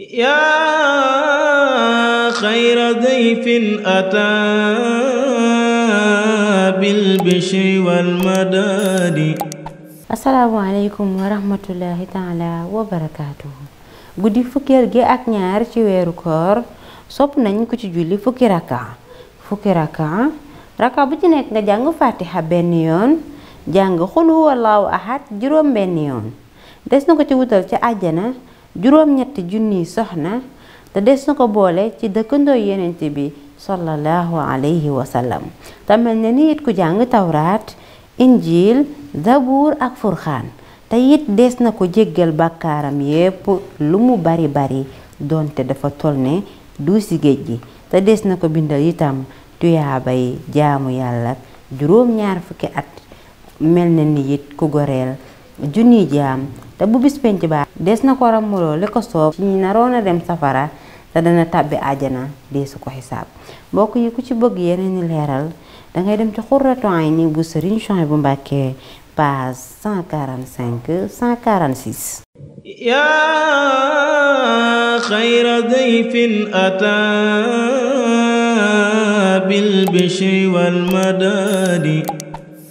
yaa xayra dayfin ataa bil bishri wal madaadi asalaamaaleykum wa rahmatullahi taala wa barakaatuhu guddi fukkeel gi ak ñaar ci weeru koor sopp nañ ko ci julli fukki raka fukki raka raka bu ci nekk nga jàng fatiha ben yoon jàng xul huwallaahu ahad juróom benn yoon des na ko ci wutal ci àjjana juróom-ñetti junniy soxna te des na ko boole ci dëkkandoo yenente bi sallallahu alayhi wa sallam te mel ne ni ku jàng tawraat injil zabuur ak furxaan te it des na ko jéggal bàkkaaram yépp lu mu bari bari doonte dafa tol ne duusi géej gi te des na ko bindal itam tuyaabay jaamu yàlla juróom-ñaar fukki at mel na ni ku goreel junniy jaam te bu bis penc baa des na ko ràmmuloo li ko soob ci ñi a dem safara te dana tàbbi àjjana dee su ko xisaab mbokk yi ku ci bëgg yeneen i leeral dangay dem ci xurratu ayni bu sëriñ Souhaïbou bu Mbàkke page 145 146 yaa xayra dayfin ataa bil bishri wal madadi